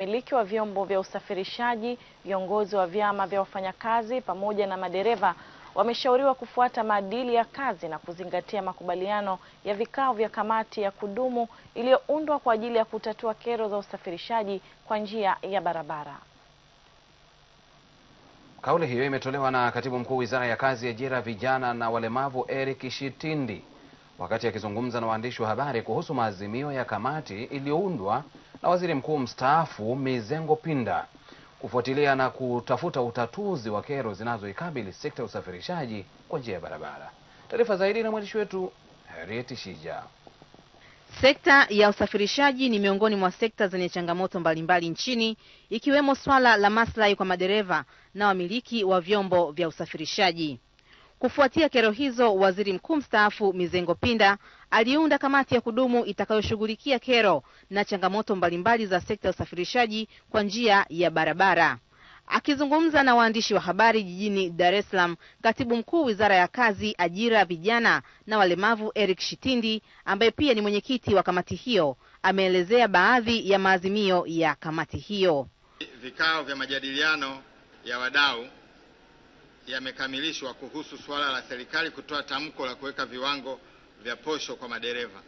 Miliki wa vyombo vya usafirishaji, viongozi wa vyama vya wafanyakazi pamoja na madereva wameshauriwa kufuata maadili ya kazi na kuzingatia makubaliano ya vikao vya kamati ya kudumu iliyoundwa kwa ajili ya kutatua kero za usafirishaji kwa njia ya barabara. Kauli hiyo imetolewa na Katibu Mkuu Wizara ya Kazi, Ajira, Vijana na Walemavu Eric Shitindi wakati akizungumza na waandishi wa habari kuhusu maazimio ya kamati iliyoundwa na waziri mkuu mstaafu Mizengo Pinda kufuatilia na kutafuta utatuzi wa kero zinazoikabili sekta ya usafirishaji kwa njia ya barabara. Taarifa zaidi na mwandishi wetu Harriet Shija. Sekta ya usafirishaji ni miongoni mwa sekta zenye changamoto mbalimbali nchini ikiwemo swala la maslahi kwa madereva na wamiliki wa vyombo vya usafirishaji. Kufuatia kero hizo, waziri mkuu mstaafu Mizengo Pinda aliunda kamati ya kudumu itakayoshughulikia kero na changamoto mbalimbali za sekta ya usafirishaji kwa njia ya barabara. Akizungumza na waandishi wa habari jijini Dar es Salaam, katibu mkuu wizara ya kazi, ajira, vijana na walemavu Eric Shitindi, ambaye pia ni mwenyekiti wa kamati hiyo, ameelezea baadhi ya maazimio ya kamati hiyo. Vikao vya majadiliano ya wadau yamekamilishwa kuhusu suala la serikali kutoa tamko la kuweka viwango vya posho kwa madereva.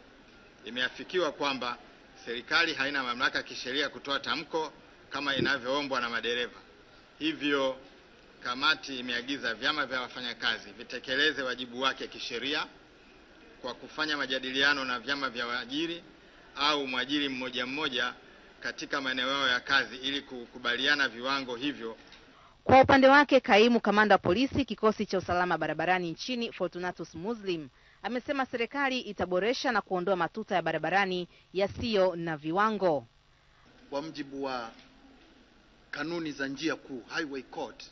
Imeafikiwa kwamba serikali haina mamlaka ya kisheria kutoa tamko kama inavyoombwa na madereva. Hivyo kamati imeagiza vyama vya wafanyakazi vitekeleze wajibu wake kisheria kwa kufanya majadiliano na vyama vya waajiri au mwajiri mmoja mmoja katika maeneo yao ya kazi ili kukubaliana viwango hivyo. Kwa upande wake kaimu kamanda wa polisi kikosi cha usalama barabarani nchini Fortunatus Muslim amesema serikali itaboresha na kuondoa matuta ya barabarani yasiyo na viwango. Kwa mjibu wa kanuni za njia kuu highway code,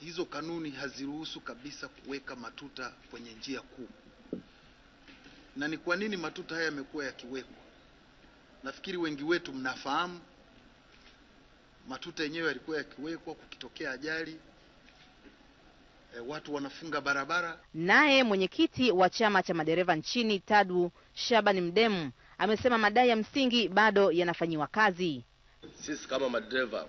hizo kanuni haziruhusu kabisa kuweka matuta kwenye njia kuu. Na ni kwa nini matuta haya yamekuwa yakiwekwa? Nafikiri wengi wetu mnafahamu matuta yenyewe yalikuwa yakiwekwa kukitokea ajali e, watu wanafunga barabara. Naye mwenyekiti wa chama cha madereva nchini TADU Shabani Mdemu amesema madai ya msingi bado yanafanyiwa kazi. Sisi kama madereva,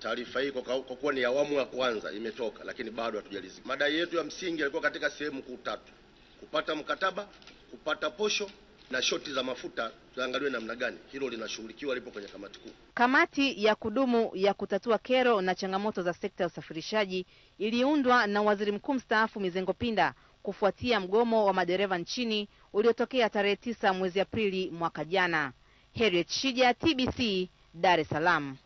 taarifa hii kwa kuwa ni awamu ya kwanza imetoka, lakini bado hatujalizi. Madai yetu ya msingi yalikuwa katika sehemu kuu tatu: kupata mkataba, kupata posho na shoti za mafuta zaangaliwe namna gani. Hilo linashughulikiwa, lipo kwenye kamati kuu. Kamati ya kudumu ya kutatua kero na changamoto za sekta ya usafirishaji iliundwa na waziri mkuu mstaafu Mizengo Pinda kufuatia mgomo wa madereva nchini uliotokea tarehe tisa mwezi Aprili mwaka jana. Harriet Shija, TBC, Dar es Salaam.